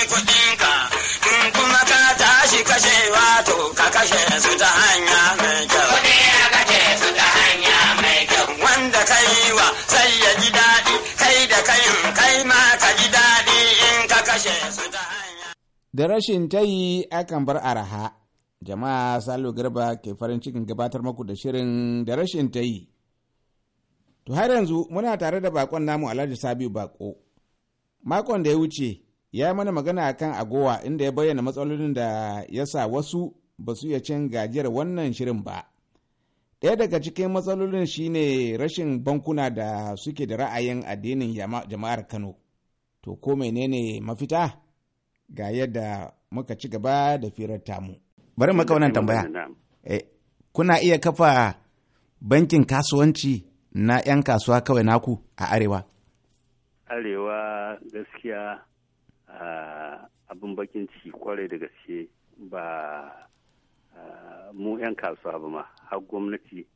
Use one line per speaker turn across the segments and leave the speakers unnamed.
sami in kuma ka tashi kashe wato ka kashe su ta hanya mai kyau. Wanda ka yi wa sai ya ji daɗi kai da kayin kai ma ka ji daɗi in ka kashe su ta hanya. Da rashin tayi akan bar araha. Jama'a Salo Garba ke farin cikin gabatar maku da shirin da rashin tayi. To har yanzu muna tare da bakon namu Alhaji Sabiu Bako. Makon da ya wuce ya yi mana magana a kan agowa inda ya bayyana matsalolin da ya sa wasu ba su iya cin gajiyar wannan shirin ba ɗaya daga cikin matsalolin shine rashin bankuna da suke da ra'ayin addinin jama'ar kano to ko menene mafita ga yadda muka ci gaba da firar tamu bari maka wannan tambaya eh, kuna iya kafa bankin kasuwanci na 'yan kasuwa kawai naku a arewa
arewa gaskiya Ah, abin bakin ciki kwarai da gaske ba ah, mu 'yan kasuwa ba ma har gwamnati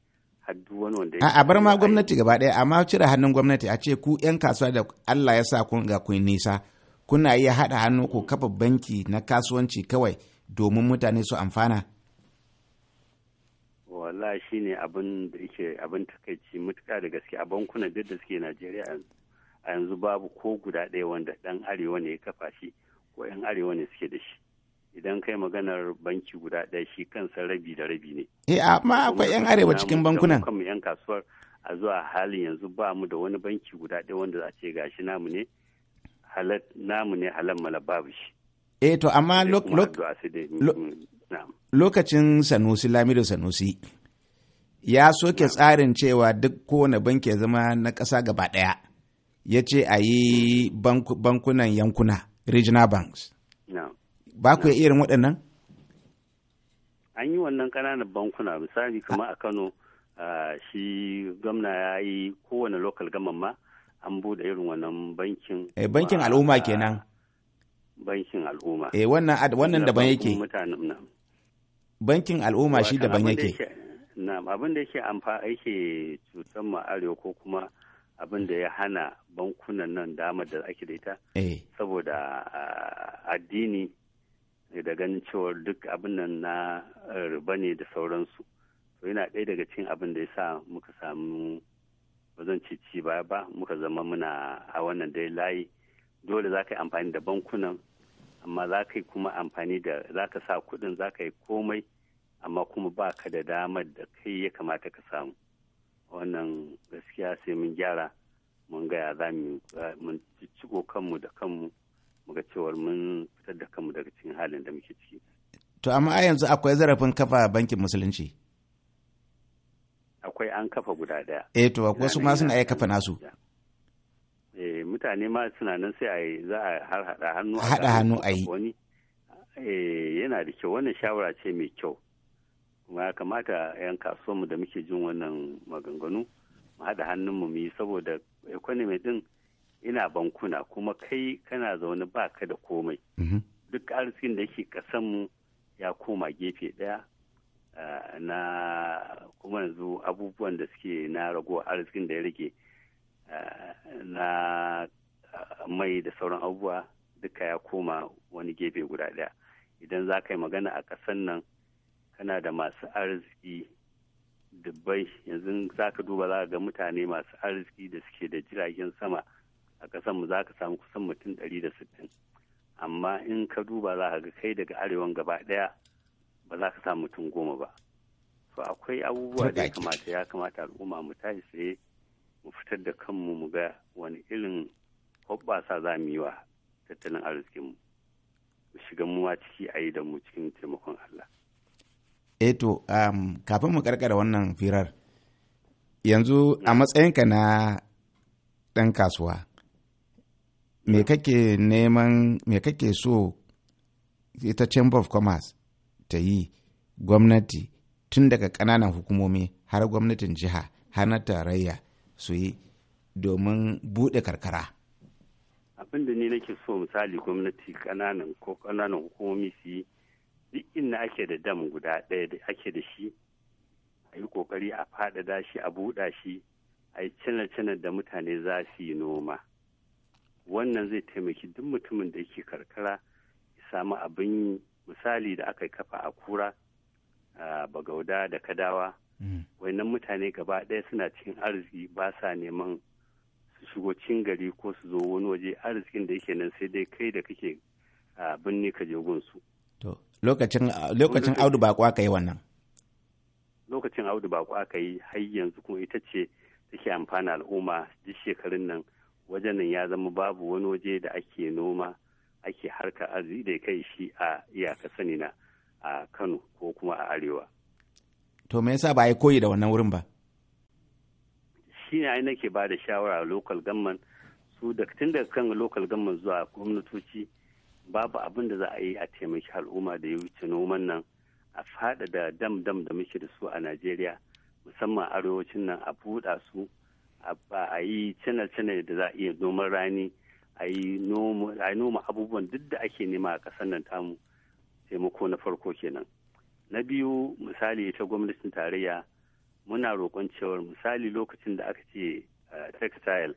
har wani wanda a bar
ma gwamnati gaba ɗaya amma cire hannun gwamnati a ce ku 'yan kasuwa da Allah ya sa kun ga kun nisa kuna iya haɗa hannu ku kafa banki na kasuwanci kawai domin mutane su amfana
wallahi shine abin da yake abin takaici mutuka da gaske a bankunan duk da suke Najeriya a yanzu babu ko guda ɗaya wanda ɗan arewa ne ya kafa shi ko 'yan arewa ne suke da shi idan kai maganar banki guda ɗaya shi kansa rabi da rabi ne. e amma akwai 'yan arewa cikin bankunan. Kuma 'yan kasuwar a zuwa halin yanzu ba mu da wani banki guda ɗaya wanda za a ce gashi namu ne halat namu ne halan mala babu shi.
E, to amma mm, lokacin Sanusi Lamido Sanusi ya soke tsarin cewa duk kowane banki ya zama na ƙasa gaba ɗaya. ya ce a yi bankunan yankuna regional banks ba ku irin waɗannan
an yi wannan ƙananan bankuna misali kuma a kano shi gwamna ya yi kowane local gaman ma an bude irin wannan bankin eh, bankin
al'umma kenan
bankin al'umma eh wannan wannan daban yake
bankin al'umma shi daban yake
na abin da yake amfa yake cutar mu arewa ko kuma abin da ya hana bankunan nan dama da ake da ita eh. saboda addini da ganin cewa duk abin nan na eh, riba ne da sauransu to yana ɗaya daga cikin abin da ya sa muka samu ba ci cici ba ba muka zama muna a wannan dai layi dole za ka yi amfani da bankunan amma za ka yi kuma amfani da za ka sa kuɗin za ka yi komai amma kuma ba ka da damar da kai ya kamata ka samu wannan gaskiya sai mun gyara mun gaya za mu ciko kanmu da kanmu muga cewar mun fitar da kanmu daga cikin halin da muke ciki.
To amma a yanzu akwai zarafin kafa bankin musulunci?
Akwai an kafa guda ɗaya.
Eh to akwai su ma suna iya kafa nasu.
Eh mutane ma suna nan sai a yi za a har haɗa hannu. Haɗa hannu a yi. Wani eh yana da kyau wannan shawara ce mai kyau. kuma ya kamata 'yan kasuwanmu da muke jin wannan maganganu mu haɗa hannunmu mu yi saboda economy din ina bankuna kuma kai kana zaune ba ka da komai mhm. duk arzikin da yake kasanmu ya koma gefe ɗaya na kuma yanzu abubuwan da suke na ragowa arzikin da ya rage na mai da sauran abubuwa duka ya koma wani gefe guda ɗaya idan za ka yi magana a ƙasan nan kana da masu arziki dubbai yanzu za ka duba za ga mutane masu arziki da suke da jiragen sama a ƙasar mu za ka samu kusan mutum ɗari da sittin amma in ka duba za ka ga kai daga arewan gaba ɗaya ba za ka samu mutum goma ba to akwai abubuwa da ya kamata ya kamata al'umma mu tashi tsaye mu fitar da kanmu mu ga wani irin hoɓɓasa za mu yi wa tattalin arzikinmu mu shiga muwa ciki a yi da mu cikin taimakon Allah.
eto eh um, kafin mu karkara wannan firar yanzu a matsayinka na ɗan kasuwa me kake neman me kake so ita chamber of commerce ta yi gwamnati tun daga ƙananan hukumomi har gwamnatin jiha har na tarayya su yi domin buɗe karkara
abinda da ni nake so misali gwamnati ƙananan ko ƙananan hukumomi su yi duk inda ake da dam guda ɗaya da ake da shi a yi ƙoƙari a faɗaɗa shi a buɗa shi a yi cina-cina da mutane za su yi noma wannan zai taimaki duk mutumin da yake karkara ya samu abin misali da aka kafa a kura a bagauda da kadawa mm. wannan mutane gaba ɗaya suna cikin arziki ba sa neman su shigo cin gari ko su zo wani waje arzikin da yake nan sai dai kai da kake a binne ka je gunsu
lokacin audu ba aka yi wannan
lokacin audu bako aka yi har yanzu kuma ita ce take amfana al'umma duk shekarun nan wajen nan ya zama babu wani waje da ake noma ake harka arziki da kai shi a iyaka sani a Kano ko kuma a Arewa
to me yasa ba a yi koyi da wannan wurin ba
shi ne nake ba da shawara local government su da tun daga kan local government zuwa gwamnatoci babu abin da za a yi a taimaki al'umma da ya wuce noman nan a da dam-dam da muke da su a najeriya musamman arewacin nan a buɗa su a yi canal-canal da za a iya noman rani a yi noma abubuwan duk da ake nema a ƙasar nan tamu taimako na farko kenan na biyu misali ta gwamnatin tarayya muna roƙon cewar misali lokacin da aka ce eh, textile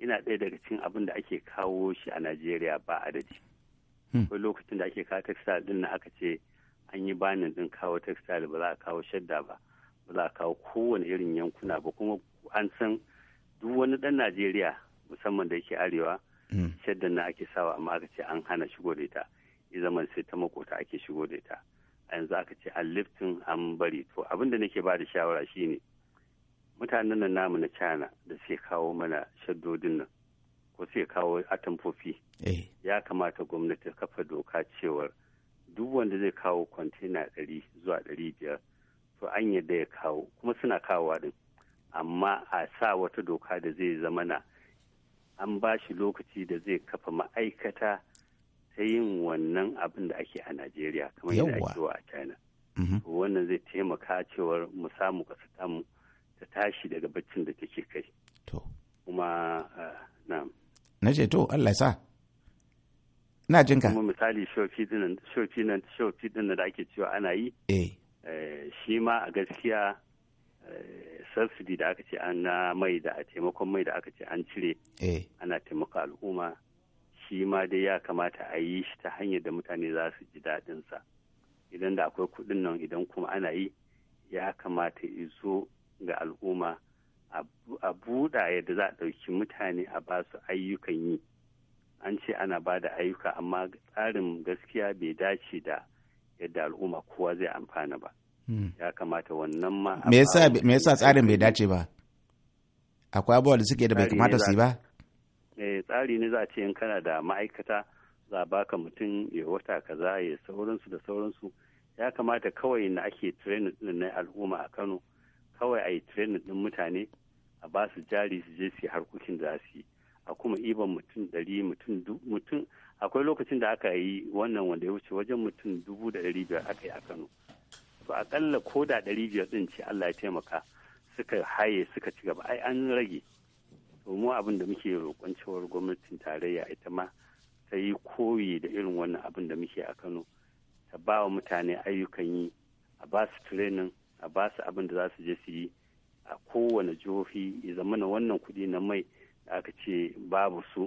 ina ɗaya daga cikin abin da ake kawo shi a najeriya ba adadi Hmm. akwai lokacin da ake kawo textile din na aka ce an yi banin din kawo textile ba za a kawo shadda ba ba za a kawo kowane irin yankuna ba kuma an san duk wani dan najeriya musamman da yake arewa hmm. shaddan na ake sawa amma aka ce an hana shigo da ita ya zama sai ta makota ake shigo da ita a yanzu aka ce an liftin an bari to abin da nake ba da shawara shine mutanen nan namu na china da suke kawo mana shaddodin nan wasu ya kawo atamfofi eh. ya kamata gwamnati kafa doka cewar duk wanda zai kawo kwantena ɗari zuwa ɗari biyar to an yadda ya kawo kuma suna kawowa din amma a sa wata doka da zai zama na an ba shi lokaci da zai kafa ma'aikata ta yin wannan abin da ake a najeriya kamar yadda ake a china mm-hmm. wannan zai taimaka cewar mu samu kasa ta tashi daga baccin da take kai kuma ah, na
na ce to Allah sa na jin ka
misali shofi din shofi nan shofi din da ake cewa ana yi eh, eh shi ma a gaskiya eh, subsidy da aka ce an na mai da a taimakon mai da aka ce an cire eh. ana taimaka al'umma shi ma dai ya kamata a yi shi ta hanyar da mutane za su ji sa idan da akwai kuɗin nan idan kuma ana yi ya kamata izo ga al'umma a buɗa yadda za a ɗauki mutane a ba su ayyukan yi an ce ana ba da ayyuka amma tsarin gaskiya bai dace da yadda al'umma kowa zai amfana ba hmm. ya kamata wannan ma me
yasa tsarin bai dace ba akwai abubuwa da suke da bai kamata su yi ba
eh, tsari ne za a ce in kana da ma'aikata za a baka mutum ya wata kaza ya sauransu da sauransu ya kamata kawai na ake training na al'umma a Kano kawai a yi training din mutane a ba su jari su je su yi harkokin da su yi a kuma iban mutum ɗari mutum mutum akwai lokacin da aka yi wannan wanda ya wuce wajen mutum dubu da ɗari biyar aka yi a kano to akalla ko da ɗari biyar ɗin ce allah ya taimaka suka haye suka ci gaba ai an rage to mu abin da muke roƙon cewar gwamnatin tarayya ita ma ta yi koyi da irin wannan abin da muke a kano ta ba wa mutane ayyukan yi a ba su training a ba su abin da za su je su yi a kowane jihohi ya zamana wannan kuɗi na mai aka ce babu su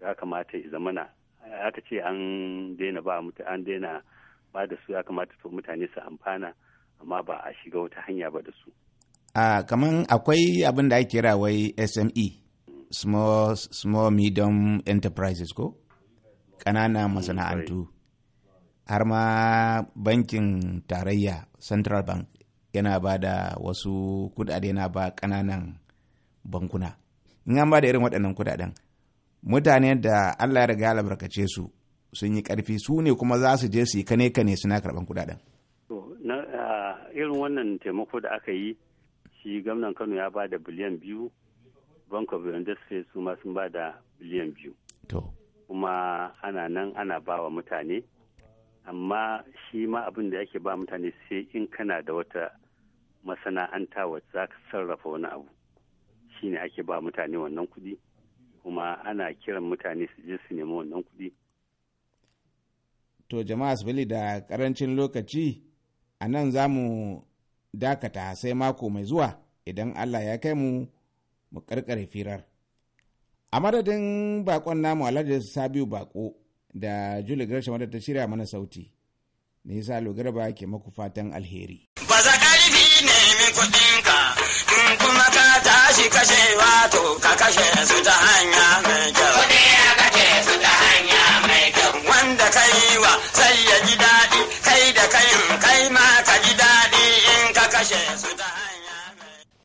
ya kamata ya zamana aka ce an daina ba an daina ba da su ya kamata to mutane su amfana amma ba a shiga wata hanya ba da su
a kaman akwai abin da ake kira wai SME small small medium enterprises ko Ƙanana mm, masana'antu har ma bankin tarayya central bank yana ba da wasu kudade yana ba kananan bankuna in an ba da irin waɗannan kudaden mutane da allah ya riga albarkace su sun yi ƙarfi su ne kuma za su je su yi kane kane suna karɓan kudaden
irin wannan taimako da aka yi shi gamnan kano ya ba da biliyan biyu bank of industry su ma sun ba da biliyan biyu kuma ana nan ana ba wa mutane amma shi ma abin da yake ba mutane sai in kana da wata masana'anta wacce za ka sarrafa wani abu shi shine ake ba mutane wannan kuɗi kuma ana kiran mutane su je su nemi wannan
kuɗi. To jama'a su da karancin lokaci a nan za mu dakata sai mako mai zuwa idan Allah ya kai mu mu karkare firar. A madadin bakon namu Alhaji Sabiu Bako da Juli Gresham da ta shirya mana sauti. Nisa Lugarba ke maku fatan alheri. bi nemi kuɗinka in kuma ka tashi kashe wato ka kashe su ta hanya mai kyau.